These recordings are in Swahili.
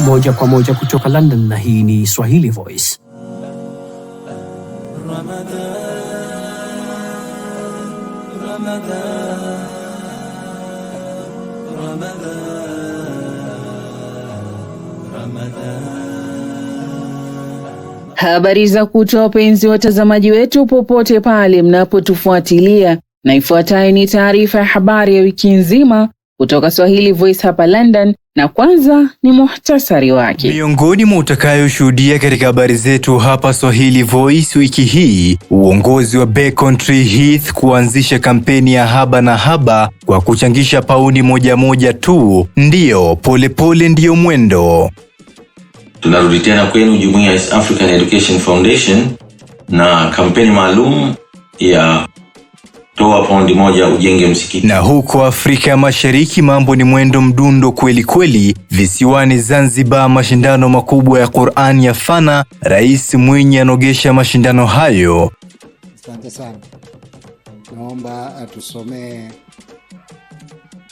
moja kwa moja kutoka London, na hii ni Swahili Voice. Habari za kutwa, wapenzi watazamaji wetu popote pale mnapotufuatilia, na ifuatayo ni taarifa ya habari ya wiki nzima kutoka Swahili Voice hapa London, na kwanza ni muhtasari wake. Miongoni mwa utakayoshuhudia katika habari zetu hapa Swahili Voice wiki hii, uongozi wa Becontree Heath kuanzisha kampeni ya haba na haba kwa kuchangisha pauni moja moja tu. Ndiyo polepole, ndiyo mwendo. Tunarudi tena kwenu jumuiya ya East African Education Foundation na kampeni maalum ya toa paundi moja ujenge msikiti. Na huko Afrika Mashariki mambo ni mwendo mdundo kweli kweli. Visiwani Zanzibar, mashindano makubwa ya Qur'ani fana Rais Mwinyi anogesha mashindano hayo. Asante sana, naomba atusomee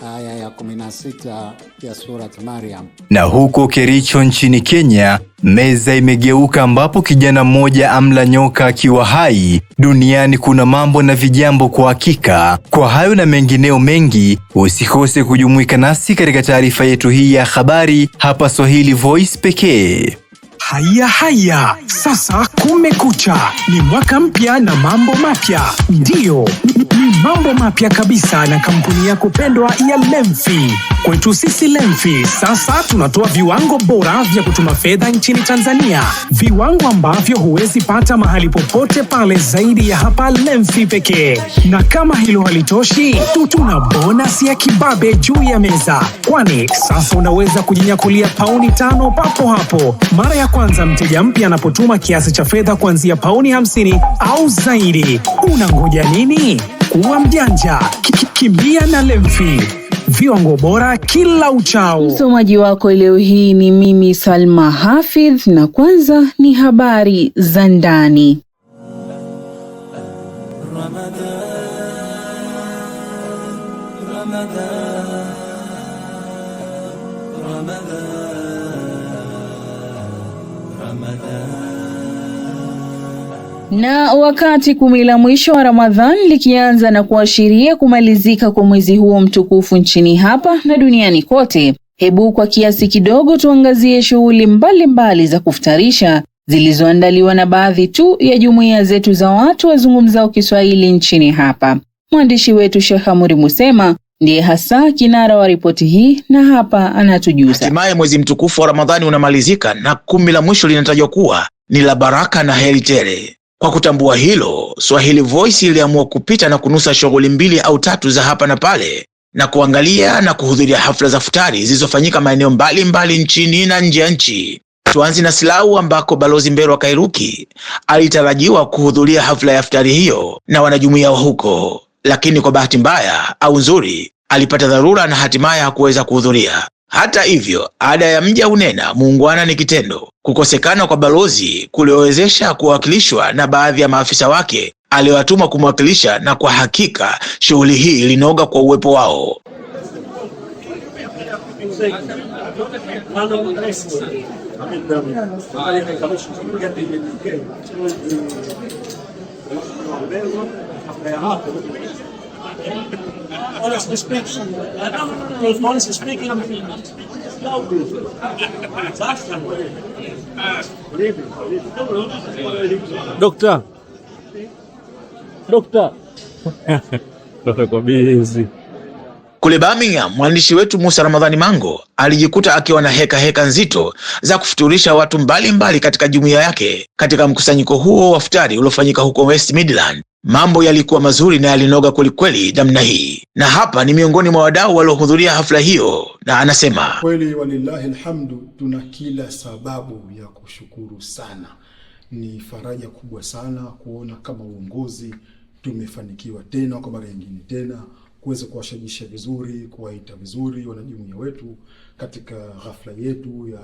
aya ya 16 ya Surat Maryam. Na huko Kericho nchini Kenya, meza imegeuka ambapo kijana mmoja amla nyoka akiwa hai. Duniani kuna mambo na vijambo kwa hakika. Kwa hayo na mengineo mengi, usikose kujumuika nasi katika taarifa yetu hii ya habari hapa Swahili Voice pekee. Haya haya, sasa kumekucha, ni mwaka mpya na mambo mapya. Ndiyo, ni mambo mapya kabisa na kampuni yako pendwa ya Lemfi. Kwetu sisi Lemfi sasa tunatoa viwango bora vya kutuma fedha nchini Tanzania, viwango ambavyo huwezi pata mahali popote pale zaidi ya hapa Lemfi pekee. Na kama hilo halitoshi, tutuna bonasi ya kibabe juu ya meza, kwani sasa unaweza kujinyakulia pauni tano papo hapo mara ya kwanza, mteja mpya anapotuma kiasi cha fedha kuanzia pauni 50 au zaidi, unangoja nini? Kuwa mjanja, kikimbia na Lemfi, viwango bora kila uchao. Msomaji wako leo hii ni mimi Salma Hafidh, na kwanza ni habari za ndani. Na wakati kumi la mwisho wa Ramadhan likianza na kuashiria kumalizika kwa mwezi huo mtukufu nchini hapa na duniani kote, hebu kwa kiasi kidogo tuangazie shughuli mbalimbali za kufutarisha zilizoandaliwa na baadhi tu ya jumuiya zetu za watu wazungumzao Kiswahili nchini hapa. Mwandishi wetu Sheikh Amuri Musema ndiye hasa kinara wa ripoti hii na hapa anatujuza. Hatimaye mwezi mtukufu wa Ramadhani unamalizika na kumi la mwisho linatajwa kuwa ni la baraka na heri tele. Kwa kutambua hilo, Swahili Voice iliamua kupita na kunusa shughuli mbili au tatu za hapa na pale na kuangalia na kuhudhuria hafla za futari zilizofanyika maeneo mbalimbali nchini na nje ya nchi. Tuanze na Silau ambako Balozi Mberwa Kairuki alitarajiwa kuhudhuria hafla ya futari hiyo na wanajumuiya wa huko, lakini kwa bahati mbaya au nzuri alipata dharura na hatimaye hakuweza kuhudhuria. Hata hivyo, ada ya mja unena muungwana ni kitendo. Kukosekana kwa balozi kuliowezesha kuwakilishwa na baadhi ya maafisa wake aliyowatuma kumwakilisha, na kwa hakika shughuli hii ilinoga kwa uwepo wao. or a not know if voice is speaking of me. No, Doctor. Doctor. Doctor, dokta kwa bizi Kule Birmingham, mwandishi wetu Musa Ramadhani Mango alijikuta akiwa na heka heka nzito za kufuturisha watu mbalimbali mbali katika jumuiya yake. Katika mkusanyiko huo wa futari uliofanyika huko West Midland, mambo yalikuwa mazuri na yalinoga kwelikweli namna hii, na hapa ni miongoni mwa wadau waliohudhuria hafla hiyo, na anasema kweli, walillahi alhamdu, tuna kila sababu ya kushukuru sana. Ni faraja kubwa sana kuona kama uongozi tumefanikiwa tena kwa mara nyingine tena kuweza kuwashajisha vizuri, kuwaita vizuri wanajumuiya wetu katika ghafla yetu ya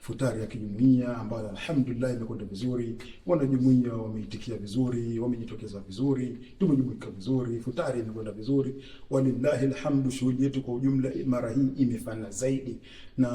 futari ya kijumuiya ambayo alhamdulillah imekwenda vizuri, wanajumuiya wameitikia vizuri, wamejitokeza vizuri, tumejumuika vizuri, futari imekwenda vizuri, walillahi alhamdu. Shughuli yetu kwa ujumla mara hii imefana zaidi, na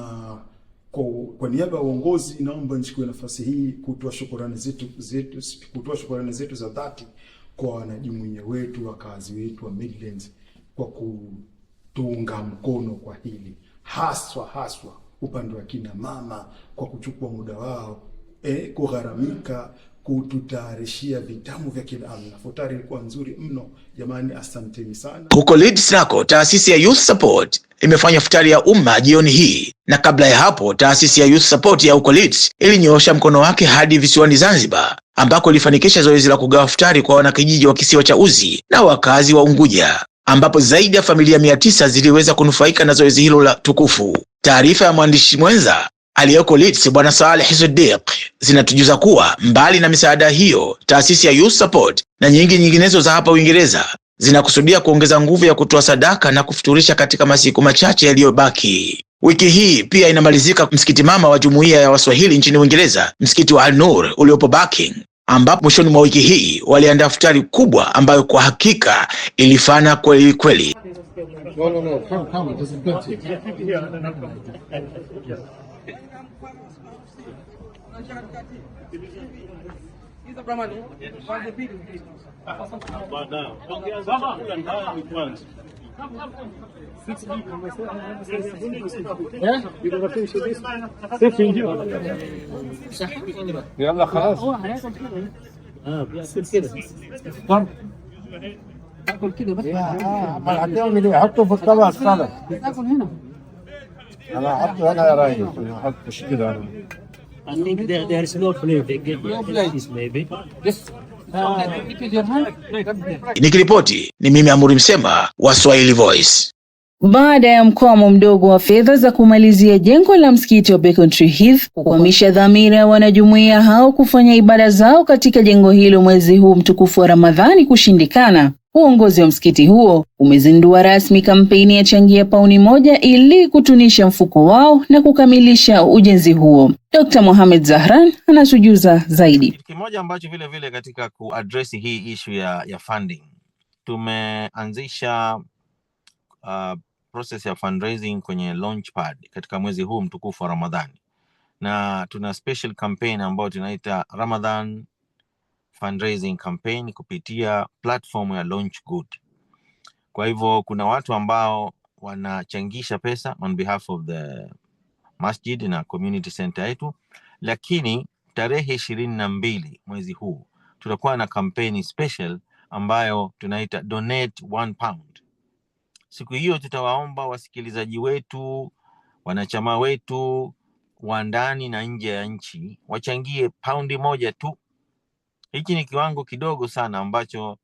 kwa, kwa niaba ya uongozi naomba nichukue nafasi hii kutoa shukrani zetu zetu kutoa shukrani zetu za dhati kwa wanajumuiya wetu wakazi wetu wa Midlands kwa kutunga mkono kwa hili haswa haswa upande wa kina mama kwa kuchukua muda wao e, kugharamika kututayarishia vitamu vya kila aina. Futari ilikuwa nzuri mno jamani, asanteni sana. Huko Leeds nako taasisi ya Youth Support imefanya futari ya umma jioni hii, na kabla ya hapo taasisi ya Youth Support ya huko Leeds ilinyoosha mkono wake hadi visiwani Zanzibar ambako ilifanikisha zoezi la kugawa futari kwa wanakijiji wa kisiwa cha Uzi na wakazi wa Unguja ambapo zaidi ya familia mia tisa ziliweza kunufaika na zoezi hilo la tukufu. Taarifa ya mwandishi mwenza aliyoko Leeds Bwana Saleh Siddiq zinatujuza kuwa mbali na misaada hiyo, taasisi ya Youth Support na nyingi nyinginezo za hapa Uingereza zinakusudia kuongeza nguvu ya kutoa sadaka na kufuturisha katika masiku machache yaliyobaki. Wiki hii pia inamalizika msikiti mama wa jumuiya ya Waswahili nchini Uingereza, msikiti wa Al-Nur uliopo Barking, ambapo mwishoni mwa wiki hii waliandaa futari kubwa ambayo kwa hakika ilifana kweli kweli. No, no, no. يلا خلاص اه هياكل كده اه اه اه اكل كده بس اه اه ايه؟ حطه في الطبق اه اه هنا انا اه هنا يا ريس ما احطش كده انا اه اه اه اه اه اه اه اه اه اه اه Yes. Nikiripoti ni mimi Amuri Msema wa Swahili Voice. Baada ya mkwamo mdogo wa fedha za kumalizia jengo la msikiti wa Beacon Tree Heath kukwamisha dhamira ya wanajumuiya hao kufanya ibada zao katika jengo hilo mwezi huu mtukufu wa Ramadhani kushindikana, Uongozi wa msikiti huo umezindua rasmi kampeni ya changia pauni moja ili kutunisha mfuko wao na kukamilisha ujenzi huo. Dr. Mohamed Zahran anatujuza zaidi. kimoja ambacho vile vile katika kuadresi hii issue ya, ya funding tumeanzisha uh, process ya fundraising kwenye Launchpad katika mwezi huu mtukufu wa Ramadhani, na tuna special campaign ambayo tunaita Ramadan fundraising campaign kupitia platform ya Launch Good. Kwa hivyo kuna watu ambao wanachangisha pesa on behalf of the masjid na community center yetu, lakini tarehe ishirini na mbili mwezi huu tutakuwa na kampeni special ambayo tunaita donate one pound. Siku hiyo tutawaomba wasikilizaji wetu, wanachama wetu wa ndani na nje ya nchi wachangie paundi moja tu hiki ni kiwango kidogo sana ambacho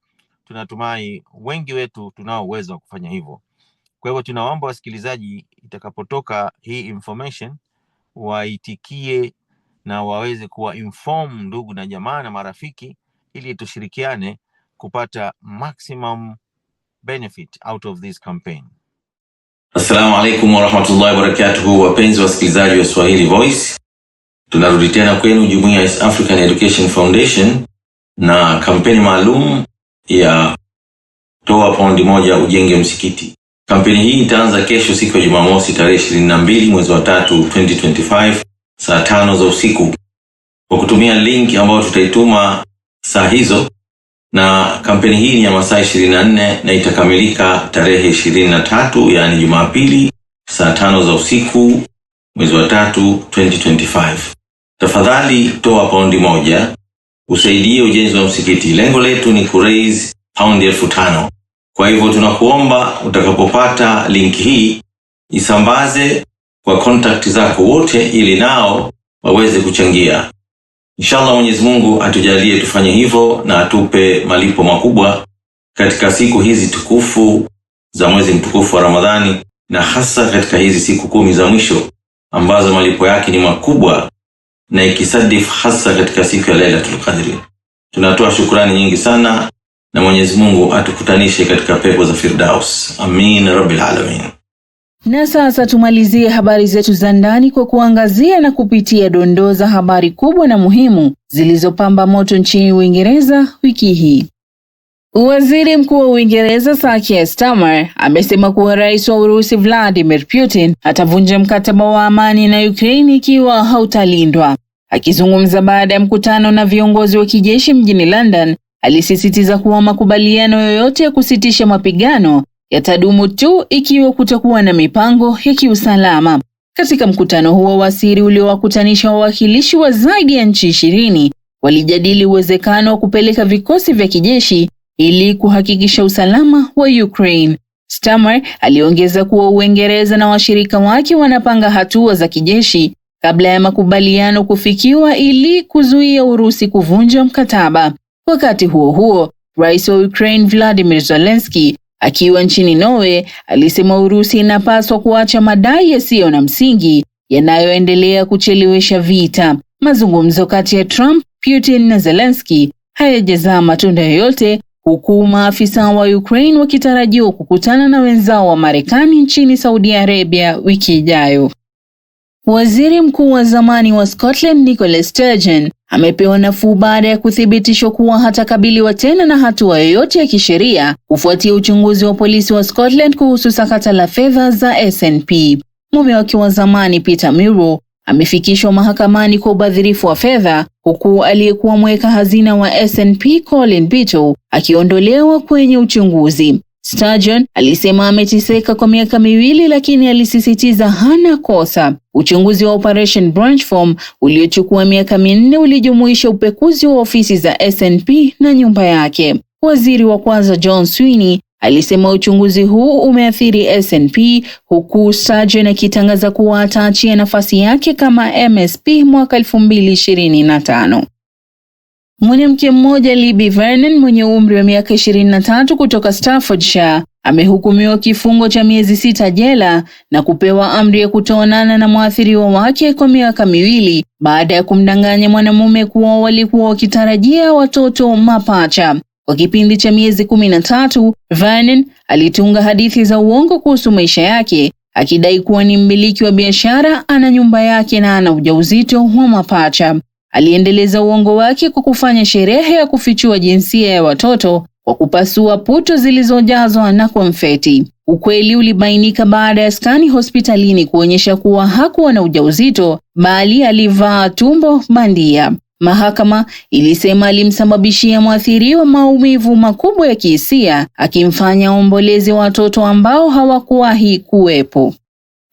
tunatumai wengi wetu tunao uwezo wa kufanya hivyo. Kwa hivyo tunawaomba wasikilizaji, itakapotoka hii information waitikie na waweze kuwa inform ndugu na jamaa na marafiki, ili tushirikiane kupata maximum benefit out of this campaign. Assalamu alaikum warahmatullahi wabarakatuhu, wapenzi wasikilizaji wa Swahili Voice, tunarudi tena kwenu. Jumuiya ya East African Education Foundation na kampeni maalum ya toa paundi moja ujenge msikiti. Kampeni hii itaanza kesho siku ya Jumamosi tarehe 22 mwezi wa tatu 2025 saa tano za usiku kwa kutumia link ambayo tutaituma saa hizo, na kampeni hii ni ya masaa 24 na itakamilika tarehe 23, yaani Jumapili saa tano za usiku mwezi wa tatu 2025. Tafadhali toa paundi moja usaidie ujenzi wa msikiti. Lengo letu ni kuraise paundi elfu tano. Kwa hivyo tunakuomba utakapopata linki hii isambaze kwa kontakti zako wote, ili nao waweze kuchangia. Inshallah, Mwenyezi Mungu atujalie tufanye hivyo na atupe malipo makubwa katika siku hizi tukufu za mwezi mtukufu wa Ramadhani na hasa katika hizi siku kumi za mwisho ambazo malipo yake ni makubwa na ikisadif hasa katika siku ya Lailatul Qadri. Tunatoa shukrani nyingi sana na Mwenyezi Mungu atukutanishe katika pepo za Firdaus. Amin rabbil alamin. Na sasa tumalizie habari zetu za ndani kwa kuangazia na kupitia dondoo za habari kubwa na muhimu zilizopamba moto nchini Uingereza wiki hii. Waziri Mkuu wa Uingereza Sakia Keir Starmer amesema kuwa Rais wa Urusi Vladimir Putin atavunja mkataba wa amani na Ukraine ikiwa hautalindwa. Akizungumza baada ya mkutano na viongozi wa kijeshi mjini London, alisisitiza kuwa makubaliano yoyote ya kusitisha mapigano yatadumu tu ikiwa kutakuwa na mipango ya kiusalama. Katika mkutano huo wa siri uliowakutanisha wawakilishi wa zaidi ya nchi ishirini, walijadili uwezekano wa kupeleka vikosi vya kijeshi ili kuhakikisha usalama wa Ukraine. Starmer aliongeza kuwa Uingereza na washirika wake wanapanga hatua za kijeshi kabla ya makubaliano kufikiwa ili kuzuia Urusi kuvunja mkataba. Wakati huo huo, Rais wa Ukraine Vladimir Zelensky akiwa nchini Norway alisema Urusi inapaswa kuacha madai yasiyo na msingi yanayoendelea kuchelewesha vita. Mazungumzo kati ya Trump, Putin na Zelensky hayajazaa matunda yoyote huku maafisa wa Ukraine wakitarajiwa kukutana na wenzao wa Marekani nchini Saudi Arabia wiki ijayo. Waziri Mkuu wa zamani wa Scotland Nicola Sturgeon amepewa nafuu baada ya kuthibitishwa kuwa hatakabiliwa tena na hatua yoyote ya kisheria kufuatia uchunguzi wa polisi wa Scotland kuhusu sakata la fedha za SNP. Mume wake wa zamani Peter Muro amefikishwa mahakamani kwa ubadhirifu wa fedha huku aliyekuwa mweka hazina wa SNP Colin Bito akiondolewa kwenye uchunguzi. Sturgeon alisema ameteseka kwa miaka miwili lakini alisisitiza hana kosa. Uchunguzi wa Operation Branchform uliochukua miaka minne ulijumuisha upekuzi wa ofisi za SNP na nyumba yake. Waziri wa kwanza John Sweeney alisema uchunguzi huu umeathiri SNP huku Sturgeon akitangaza kuwa ataachia nafasi yake kama MSP mwaka 2025. Mwanamke mmoja Libby Vernon mwenye umri wa miaka 23 kutoka Staffordshire amehukumiwa kifungo cha miezi sita jela na kupewa amri ya kutoonana na mwathiriwa wake kwa miaka miwili baada ya kumdanganya mwanamume kuwa walikuwa wakitarajia watoto mapacha. Kwa kipindi cha miezi kumi na tatu, Vernon alitunga hadithi za uongo kuhusu maisha yake akidai kuwa ni mmiliki wa biashara, ana nyumba yake na ana ujauzito wa mapacha. Aliendeleza uongo wake kwa kufanya sherehe ya kufichua jinsia ya watoto kwa kupasua puto zilizojazwa na konfeti. Ukweli ulibainika baada ya skani hospitalini kuonyesha kuwa hakuwa na ujauzito bali alivaa tumbo bandia. Mahakama ilisema alimsababishia mwathiriwa maumivu makubwa ya kihisia akimfanya ombolezi watoto ambao hawakuwahi kuwepo.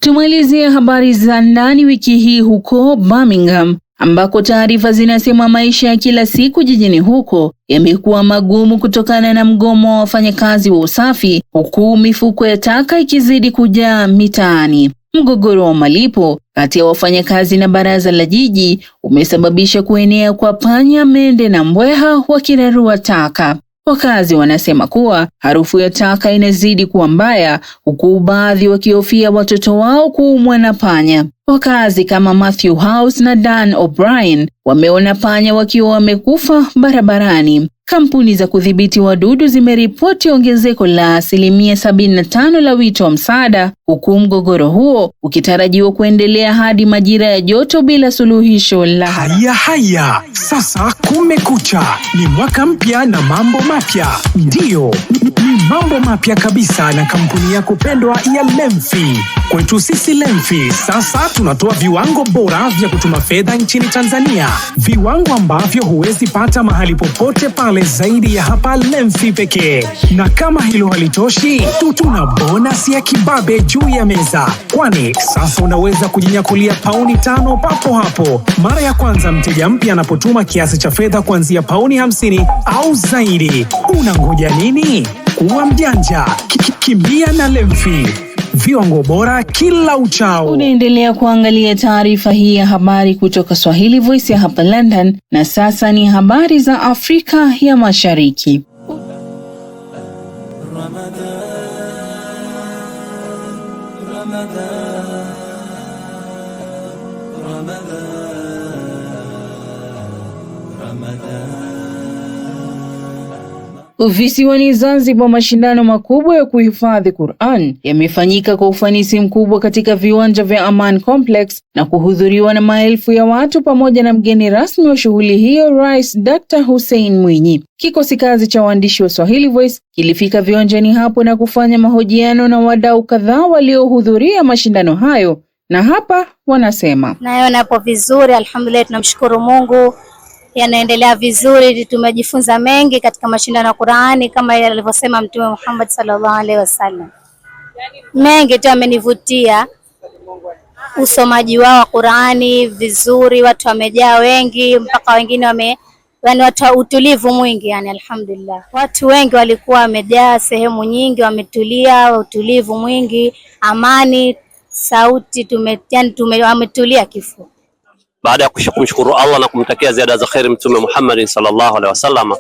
Tumalizie habari za ndani wiki hii huko Birmingham ambako taarifa zinasema maisha ya kila siku jijini huko yamekuwa magumu kutokana na mgomo wa wafanyakazi wa usafi huku mifuko ya taka ikizidi kujaa mitaani. Mgogoro wa malipo kati ya wafanyakazi na baraza la jiji umesababisha kuenea kwa panya, mende na mbweha wakirarua taka. Wakazi wanasema kuwa harufu ya taka inazidi kuwa mbaya, huku baadhi wakihofia watoto wao kuumwa na panya. Wakazi kama Matthew House na Dan O'Brien wameona panya wakiwa wamekufa barabarani. Kampuni za kudhibiti wadudu zimeripoti ongezeko la asilimia 75 la wito wa msaada, huku mgogoro huo ukitarajiwa kuendelea hadi majira ya joto bila suluhisho la haya haya. Sasa kumekucha, ni mwaka mpya na mambo mapya. Ndiyo, ni mambo mapya kabisa na kampuni ya kupendwa ya Lemfi. Kwetu sisi Lemfi sasa tunatoa viwango bora vya kutuma fedha nchini Tanzania, viwango ambavyo huwezi pata mahali popote pale masuala zaidi ya hapa Lemfi pekee. Na kama hilo halitoshi, tutuna bonus ya kibabe juu ya meza, kwani sasa unaweza kujinyakulia pauni tano papo hapo mara ya kwanza mteja mpya anapotuma kiasi cha fedha kuanzia pauni hamsini au zaidi. Unangoja nini? Kuwa mjanja, kikimbia na Lemfi viwango bora kila uchao. Unaendelea kuangalia taarifa hii ya habari kutoka Swahili Voice ya hapa London, na sasa ni habari za Afrika ya Mashariki Ramadan. Visiwani Zanzibar, mashindano makubwa ya kuhifadhi Quran yamefanyika kwa ufanisi mkubwa katika viwanja vya Aman Complex na kuhudhuriwa na maelfu ya watu pamoja na mgeni rasmi wa shughuli hiyo, Rais Dr. Hussein Mwinyi. Kikosi kazi cha waandishi wa Swahili Voice kilifika viwanjani hapo na kufanya mahojiano na wadau kadhaa waliohudhuria mashindano hayo, na hapa wanasema. Nayo napo vizuri, alhamdulillah, tunamshukuru Mungu yanaendelea vizuri. Tumejifunza mengi katika mashindano ya Qur'ani kama alivyosema Mtume Muhammad sallallahu alaihi wasallam. Mengi tu amenivutia usomaji wao wa Qur'ani vizuri, watu wamejaa wengi, mpaka wengine wame yani watu utulivu mwingi yani, alhamdulillah, watu wengi walikuwa wamejaa sehemu nyingi, wametulia, utulivu mwingi, amani, sauti tume, yani tume, wametulia kifua baada ya kumshukuru Allah na kumtakia ziada za kheri Mtume Muhammad sallallahu alaihi wasallam,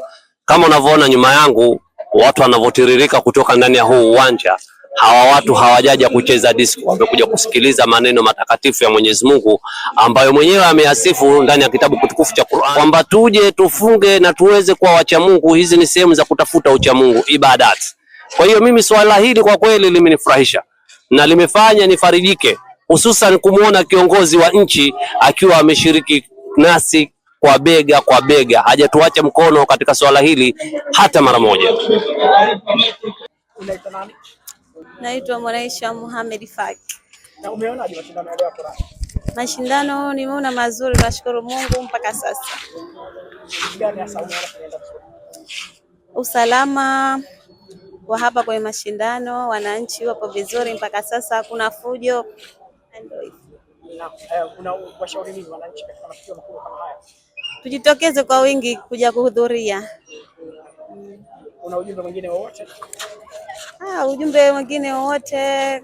kama unavyoona nyuma yangu watu wanavyotiririka kutoka ndani ya huu uwanja. Hawa watu hawajaja kucheza disco, wamekuja kusikiliza maneno matakatifu ya Mwenyezi Mungu ambayo mwenyewe ameyasifu ndani ya kitabu kutukufu cha Qur'an kwamba tuje tufunge na tuweze kuwa wacha Mungu. Hizi ni sehemu za kutafuta ucha Mungu, ibadat. Kwa hiyo mimi swala hili kwa kweli limenifurahisha na limefanya nifarijike hususan kumwona kiongozi wa nchi akiwa ameshiriki nasi kwa bega kwa bega, hajatuacha mkono katika suala hili hata mara moja. Naitwa Mwanaisha Muhamed Fak. Na umeonaje mashindano ya Mashindano nimeona mazuri, nashukuru Mungu mpaka sasa. Usalama wa hapa kwenye mashindano, wananchi wapo vizuri mpaka sasa, hakuna fujo. Eh, Tujitokeze kwa wingi kuja kuhudhuria. Mm. ujumbe mwingine wowote? Ah, ujumbe mwingine wowote?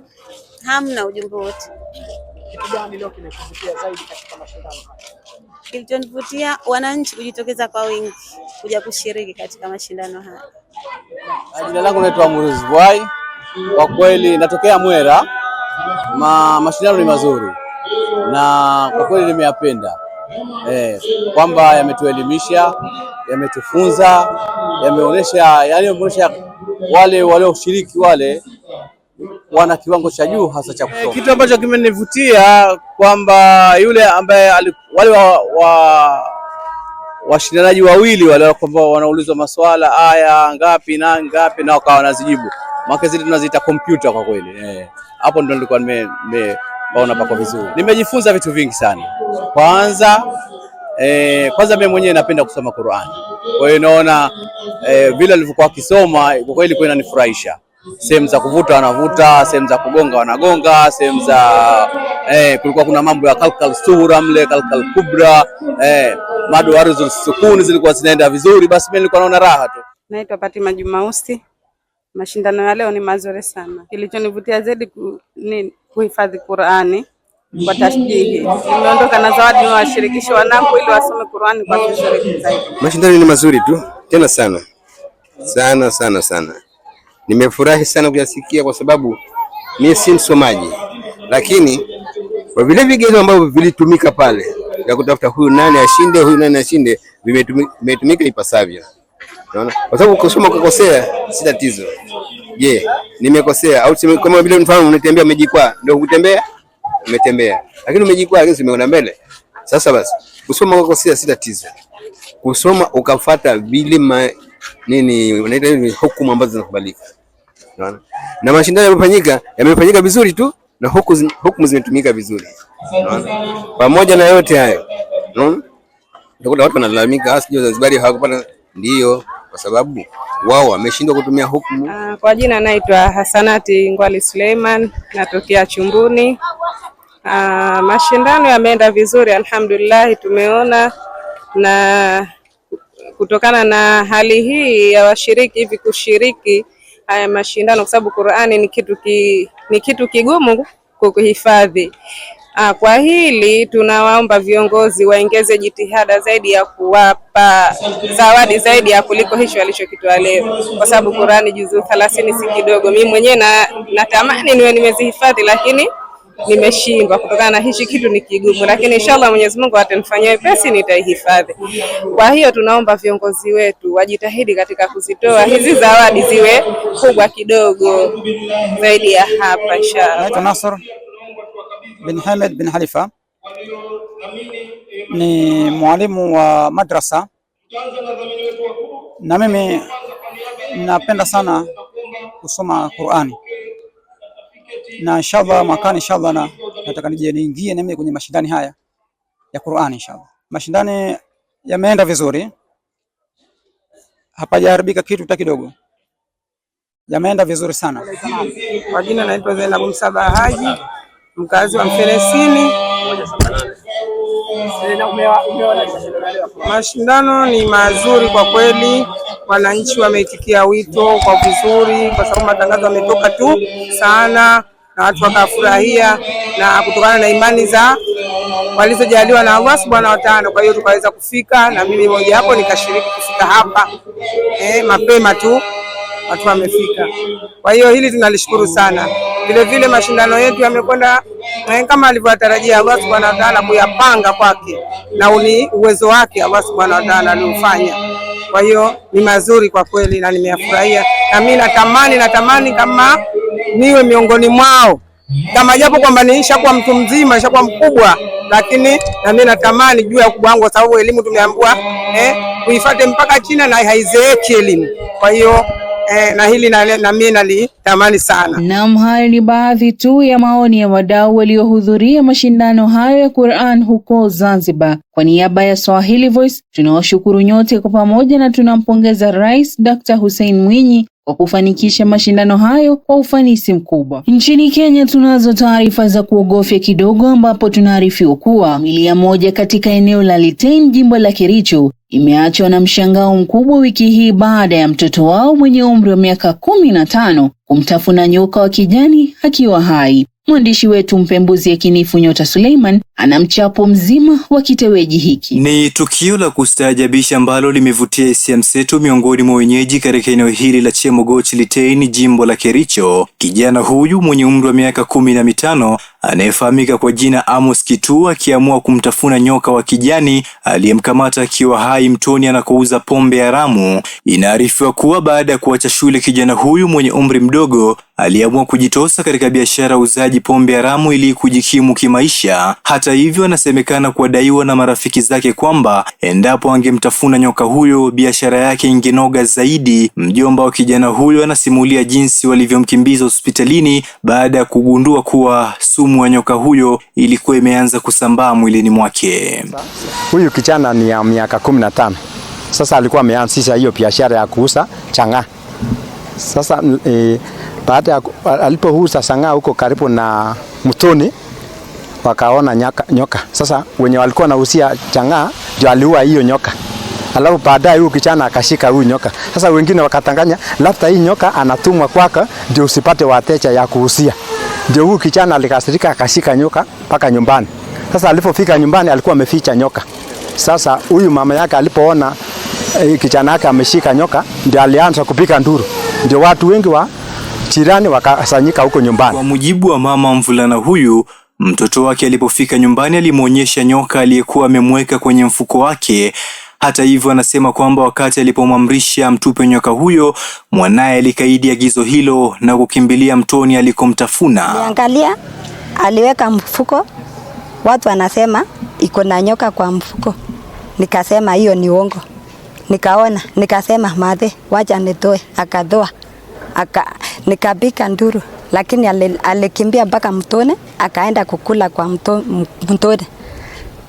Hamna ujumbe wote. Kitu gani leo kimekuvutia zaidi katika mashindano haya? Kilichonivutia wananchi kujitokeza kwa wingi kuja kushiriki katika mashindano haya. Jina langu naitwa Muruzi Bwai, kwa kweli natokea Mwera ma, mashindano ni mazuri na kwa kweli nimeyapenda eh, kwamba yametuelimisha, yametufunza, yameonyesha yani yameonyesha wale walioshiriki wale wana kiwango cha juu hasa cha kusoma. Kitu ambacho kimenivutia kwamba yule ambaye wale washindanaji wa, wa wawili wale ambao wanaulizwa maswala aya ngapi na ngapi na wakawa wanazijibu, maana zile tunaziita kompyuta kwa kweli eh hapo ndo nilikuwa nimeona pako vizuri. Mm. Nimejifunza vitu vingi sana. Kwanza eh, kwanza mimi mwenyewe napenda kusoma Qur'ani, kwa hiyo naona eh, vile alivyokuwa akisoma kwa kweli kwa inanifurahisha. Sehemu za kuvuta wanavuta, sehemu za kugonga wanagonga, sehemu za eh, kulikuwa kuna mambo ya kalkal sura mle kalkal kubra eh, madu sukuni zilikuwa zinaenda vizuri, basi mimi nilikuwa naona raha tu. Naitwa Fatima Jumausi Mashindano ya leo ni mazuri sana. Kilichonivutia zaidi ni kuhifadhi Qur'ani kwa tashbihi. Nimeondoka na zawadi na washirikishi wanangu ili wasome Qur'ani kwa vizuri zaidi. Mashindano ni mazuri tu tena sana sana sana sana. Nimefurahi sana kuyasikia kwa sababu mimi si msomaji, lakini kwa vile vigezo ambavyo vilitumika pale ya kutafuta huyu nani ashinde, huyu nani ashinde, vimetumika ipasavyo. Unaona? Kwa sababu ukisoma ukakosea si tatizo. Je, nimekosea au kama vile mfano unatembea umejikwaa, ndio kutembea? Umetembea. Lakini umejikwaa lakini umeona mbele. Sasa basi, kusoma ukakosea si tatizo. Kusoma ukafuata vile ma, nini unaita hivi hukumu ambazo zinakubalika. Unaona? Na mashindano yamefanyika, yamefanyika vizuri tu na huku hukumu zimetumika vizuri. Unaona? Pamoja na yote hayo. Unaona? Ndio watu wanalalamika, ah, sijui Zanzibar hawakupata ndio kwa sababu wao wameshindwa kutumia hukumu. Ah, kwa jina naitwa Hasanati Ngwali Suleiman, natokea Chumbuni. Ah, mashindano yameenda vizuri alhamdulillah, tumeona na kutokana na hali hii ya washiriki hivi kushiriki haya mashindano, kwa sababu Qur'ani ni kitu ki, ni kitu kigumu kukuhifadhi Ah, kwa hili tunawaomba viongozi waongeze jitihada zaidi ya kuwapa zawadi zaidi ya kuliko hicho walichokitoa leo, kwa sababu Qurani juzuu thelathini si kidogo. Mimi mwenyewe na natamani niwe nimezihifadhi, lakini nimeshindwa kutokana na hichi kitu ni kigumu, lakini inshallah Mwenyezi Mungu atanifanyia wepesi, nitaihifadhi. Kwa hiyo tunaomba viongozi wetu wajitahidi katika kuzitoa hizi zawadi ziwe kubwa kidogo zaidi ya hapa inshallah bin Hamed bin Halifa ni mwalimu wa madrasa, na mimi napenda sana kusoma Qur'ani, na inshallah mwakani, inshallah na nataka nije niingie na mimi kwenye mashindani haya ya Qur'ani inshallah. Mashindani yameenda vizuri, hapajaharibika kitu hata kidogo, yameenda vizuri sana. Kwa jina naitwa Zainabu Msaba Haji mkazi wa Mferesini. Mashindano ni mazuri kwa kweli, wananchi wameitikia wito kwa vizuri, kwa sababu matangazo yametoka tu sana na watu wakafurahia, na kutokana na imani za walizojaliwa na Allah subhanahu wa ta'ala. Kwa hiyo tukaweza kufika na mimi moja hapo nikashiriki kufika hapa eh, mapema tu watu wamefika. Kwa hiyo hili tunalishukuru sana. Vilevile mashindano yetu yamekwenda kama alivyotarajia Allah subhanahu wa ta'ala, kuyapanga kwake na uni uwezo wake Allah subhanahu wa ta'ala aliufanya. Kwa hiyo ni mazuri kwa kweli na nimeyafurahia, na mimi natamani natamani kama niwe miongoni mwao, kama japo kwamba nishakuwa mtu mzima nishakuwa mkubwa, lakini na mimi natamani juu ya ukubwa wangu, kwa sababu elimu tumeambiwa eh, uifate mpaka China na haizeeki elimu. Kwa hiyo eh, na hili na, na mimi nalitamani sana. Naam, hayo ni baadhi tu ya maoni ya wadau waliohudhuria mashindano hayo ya Qur'an huko Zanzibar. Kwa niaba ya Swahili Voice tunawashukuru nyote kwa pamoja na tunampongeza Rais Dr. Hussein Mwinyi kwa kufanikisha mashindano hayo kwa ufanisi mkubwa. Nchini Kenya tunazo taarifa za kuogofya kidogo, ambapo tunaarifiwa kuwa ya moja katika eneo la Litein, jimbo la Kericho, imeachwa na mshangao mkubwa wiki hii baada ya mtoto wao mwenye umri wa miaka kumi na tano kumtafuna nyoka wa kijani akiwa hai. Mwandishi wetu mpembuzi yakinifu Nyota Suleiman ana mchapo mzima wa kiteweji hiki. Ni tukio la kustaajabisha ambalo limevutia hisia mseto miongoni mwa wenyeji katika eneo hili la Chemogoch Liteini, jimbo la Kericho. Kijana huyu mwenye umri wa miaka kumi na mitano anayefahamika kwa jina Amos Kitua akiamua kumtafuna nyoka wa kijani aliyemkamata akiwa hai mtoni anakouza pombe haramu. Inaarifiwa kuwa baada ya kuacha shule, kijana huyu mwenye umri mdogo aliamua kujitosa katika biashara ya uzaji pombe haramu ili kujikimu kimaisha hata hata hivyo, anasemekana kuwadaiwa na marafiki zake kwamba endapo angemtafuna nyoka huyo, biashara yake ingenoga zaidi. Mjomba wa kijana huyo anasimulia jinsi walivyomkimbiza hospitalini baada ya kugundua kuwa sumu ya nyoka huyo ilikuwa imeanza kusambaa mwilini mwake. Huyu kijana ni ya miaka 15. Sasa alikuwa ameanzisha hiyo biashara ya kuuza chang'aa. Sasa e, baada ya alipouza chang'aa huko karibu na mtoni wakaona nyoka, nyoka. Sasa wenye walikuwa wanahusia chang'aa ndio aliua hiyo nyoka. Alafu baadaye huyu kichana akashika huyu nyoka. Sasa wengine wakatanganya, labda hii nyoka anatumwa kwaka ndio usipate watecha ya kuhusia. Ndio huyu kichana alikasirika akashika nyoka mpaka nyumbani. Sasa alipofika nyumbani alikuwa ameficha nyoka. Sasa huyu mama yake alipoona eh, kichana yake ameshika nyoka ndio alianza kupika nduru. Ndio watu wengi wa jirani wakasanyika huko nyumbani. Kwa mujibu wa mama mvulana huyu Mtoto wake alipofika nyumbani alimwonyesha nyoka aliyekuwa amemweka kwenye mfuko wake. Hata hivyo, anasema kwamba wakati alipomwamrisha mtupe nyoka huyo, mwanaye alikaidi agizo hilo na kukimbilia mtoni alikomtafuna. Niangalia, aliweka mfuko, watu wanasema iko na nyoka kwa mfuko. Nikasema hiyo ni uongo, nikaona nikasema madhe, wacha nitoe, akatoa aka nikapika nduru, lakini alikimbia mpaka mtoni, akaenda kukula kwa mtoni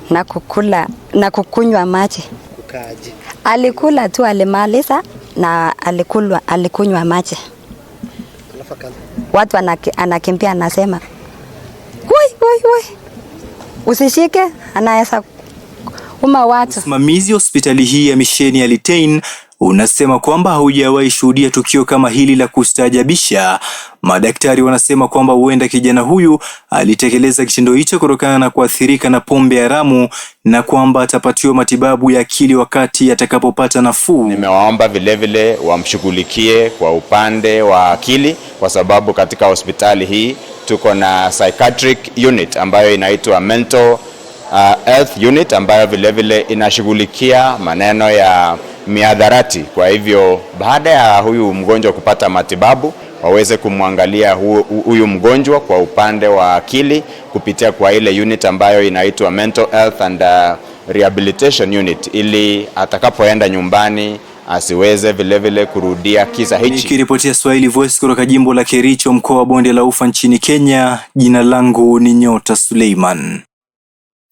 na kukula na kukunywa maji. Kukaji. Alikula tu, alimaliza na alikula, alikunywa maji. Watu anaki, anakimbia anasema, woi woi woi, usishike, anaweza uma watu. Msimamizi hospitali hii ya misheni ya Litein unasema kwamba haujawahi shuhudia tukio kama hili la kustaajabisha. Madaktari wanasema kwamba huenda kijana huyu alitekeleza kitendo hicho kutokana na kuathirika na pombe haramu na kwamba atapatiwa matibabu ya akili wakati atakapopata nafuu. Nimewaomba vilevile wamshughulikie kwa upande wa akili, kwa sababu katika hospitali hii tuko na psychiatric unit ambayo inaitwa mental uh, health unit ambayo vilevile inashughulikia maneno ya miadharati. Kwa hivyo baada ya huyu mgonjwa kupata matibabu waweze kumwangalia huyu, mgonjwa kwa upande wa akili kupitia kwa ile unit ambayo inaitwa mental health and uh, rehabilitation unit, ili atakapoenda nyumbani asiweze vilevile vile kurudia kisa hichi. Nikiripotia Swahili Voice kutoka jimbo la Kericho, mkoa wa Bonde la Ufa nchini Kenya, jina langu ni Nyota Suleiman.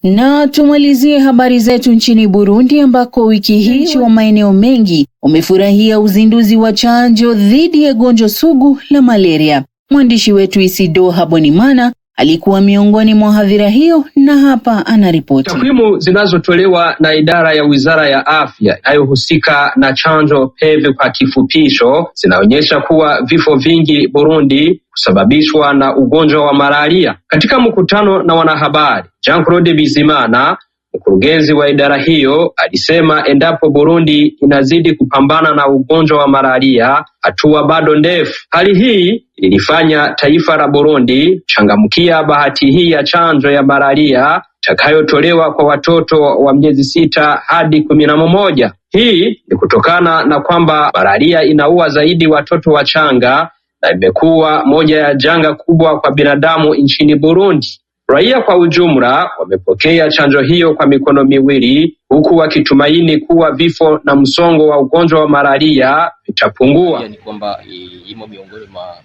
Na tumalizie habari zetu nchini Burundi ambako wiki hii wa maeneo mengi umefurahia uzinduzi wa chanjo dhidi ya gonjwa sugu la malaria. Mwandishi wetu Isido Habonimana alikuwa miongoni mwa hadhira hiyo na hapa anaripoti. Takwimu zinazotolewa na idara ya Wizara ya Afya inayohusika na chanjo pevi kwa kifupisho zinaonyesha kuwa vifo vingi Burundi kusababishwa na ugonjwa wa malaria. Katika mkutano na wanahabari, Jean Claude Bizimana Mkurugenzi wa idara hiyo alisema endapo Burundi inazidi kupambana na ugonjwa wa malaria, hatua bado ndefu. Hali hii ilifanya taifa la Burundi changamkia bahati hii ya chanjo ya malaria itakayotolewa kwa watoto wa miezi sita hadi kumi na mmoja. Hii ni kutokana na kwamba malaria inaua zaidi watoto wachanga na imekuwa moja ya janga kubwa kwa binadamu nchini Burundi. Raia kwa ujumla wamepokea chanjo hiyo kwa mikono miwili, huku wakitumaini kuwa vifo na msongo wa ugonjwa wa malaria vitapungua. Ni kwamba e, imo miongoni mwa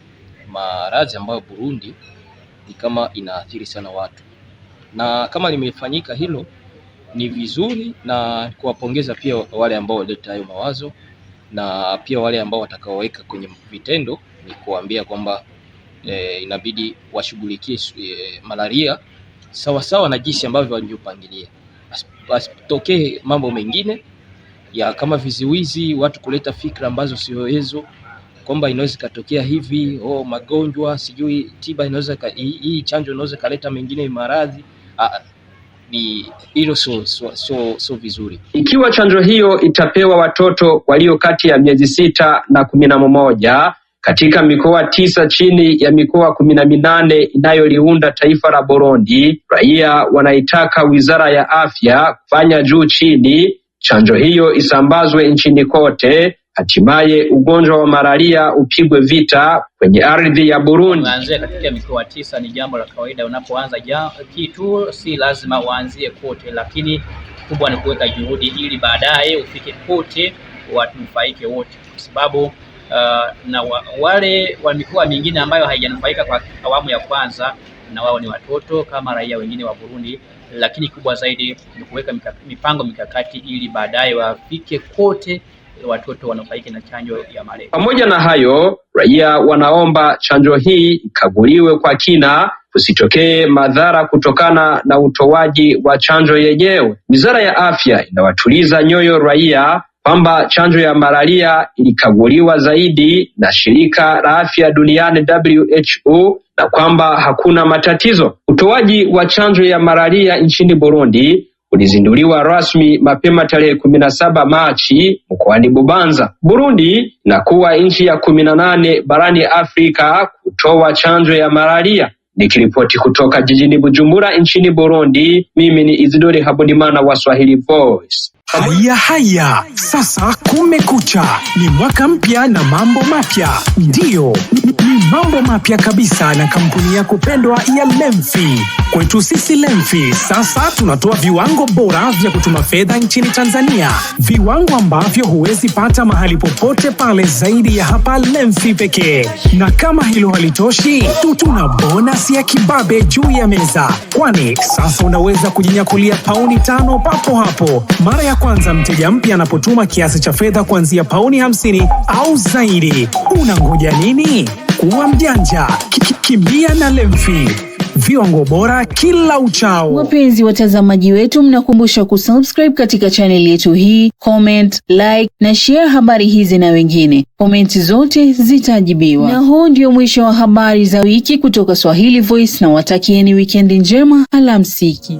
maradhi ambayo Burundi ni kama inaathiri sana watu, na kama limefanyika hilo ni vizuri, na kuwapongeza pia wale ambao walileta hayo mawazo na pia wale ambao watakaoweka kwenye vitendo, ni kuambia kwamba e, inabidi washughulikie e, malaria sawasawa na jinsi ambavyo walivyopangilia, asitokee mambo mengine ya kama viziwizi, watu kuleta fikra ambazo sio hizo kwamba inaweza ikatokea hivi oh, magonjwa sijui tiba inaweza hii chanjo inaweza ikaleta mengine maradhi ah, ni hilo sio so, so, so vizuri. Ikiwa chanjo hiyo itapewa watoto walio kati ya miezi sita na kumi na mmoja katika mikoa tisa chini ya mikoa kumi na minane inayoliunda taifa la Burundi. Raia wanaitaka wizara ya afya kufanya juu chini chanjo hiyo isambazwe nchini kote, hatimaye ugonjwa wa malaria upigwe vita kwenye ardhi ya Burundi. Uanzie katika mikoa tisa ni jambo la kawaida. Unapoanza kitu, si lazima uanzie kote, lakini kubwa ni kuweka juhudi ili baadaye ufike kote, watunufaike wote, kwa sababu uh, na wa, wale wa mikoa mingine ambayo haijanufaika kwa awamu ya kwanza, na wao ni watoto kama raia wengine wa Burundi, lakini kubwa zaidi ni kuweka mipango mikakati ili baadaye wafike kote watoto wanufaike na chanjo ya malaria. Pamoja na hayo, raia wanaomba chanjo hii ikaguliwe kwa kina kusitokee madhara kutokana na utoaji wa chanjo yenyewe. Wizara ya Afya inawatuliza nyoyo raia kwamba chanjo ya malaria ilikaguliwa zaidi na shirika la afya duniani WHO na kwamba hakuna matatizo. Utoaji wa chanjo ya malaria nchini Burundi ulizinduliwa rasmi mapema tarehe kumi na saba Machi mkoani Bubanza. Burundi inakuwa nchi ya kumi na nane barani Afrika kutoa chanjo ya malaria. Nikiripoti kutoka jijini Bujumbura nchini Burundi, mimi ni Izidori Habudimana wa Swahili Voice. Haya haya, sasa kumekucha, ni mwaka mpya na mambo mapya. Ndiyo, ni mambo mapya kabisa na kampuni yako pendwa ya Lemfi. Kwetu sisi Lemfi sasa tunatoa viwango bora vya kutuma fedha nchini Tanzania, viwango ambavyo huwezi pata mahali popote pale zaidi ya hapa Lemfi pekee. Na kama hilo halitoshi, tutuna bonasi ya kibabe juu ya meza, kwani sasa unaweza kujinyakulia pauni tano papo hapo mara ya kwanza, mteja mpya anapotuma kiasi cha fedha kuanzia pauni 50 au zaidi. Unangoja nini? Kuwa mjanja, kimbia na Lemfi. Viwango bora kila uchao. Wapenzi watazamaji wetu, mnakumbusha kusubscribe katika chaneli yetu hii, comment, like na share habari hizi na wengine. Komenti zote zitajibiwa, na huu ndio mwisho wa habari za wiki kutoka Swahili Voice, na watakieni wikendi njema, alamsiki.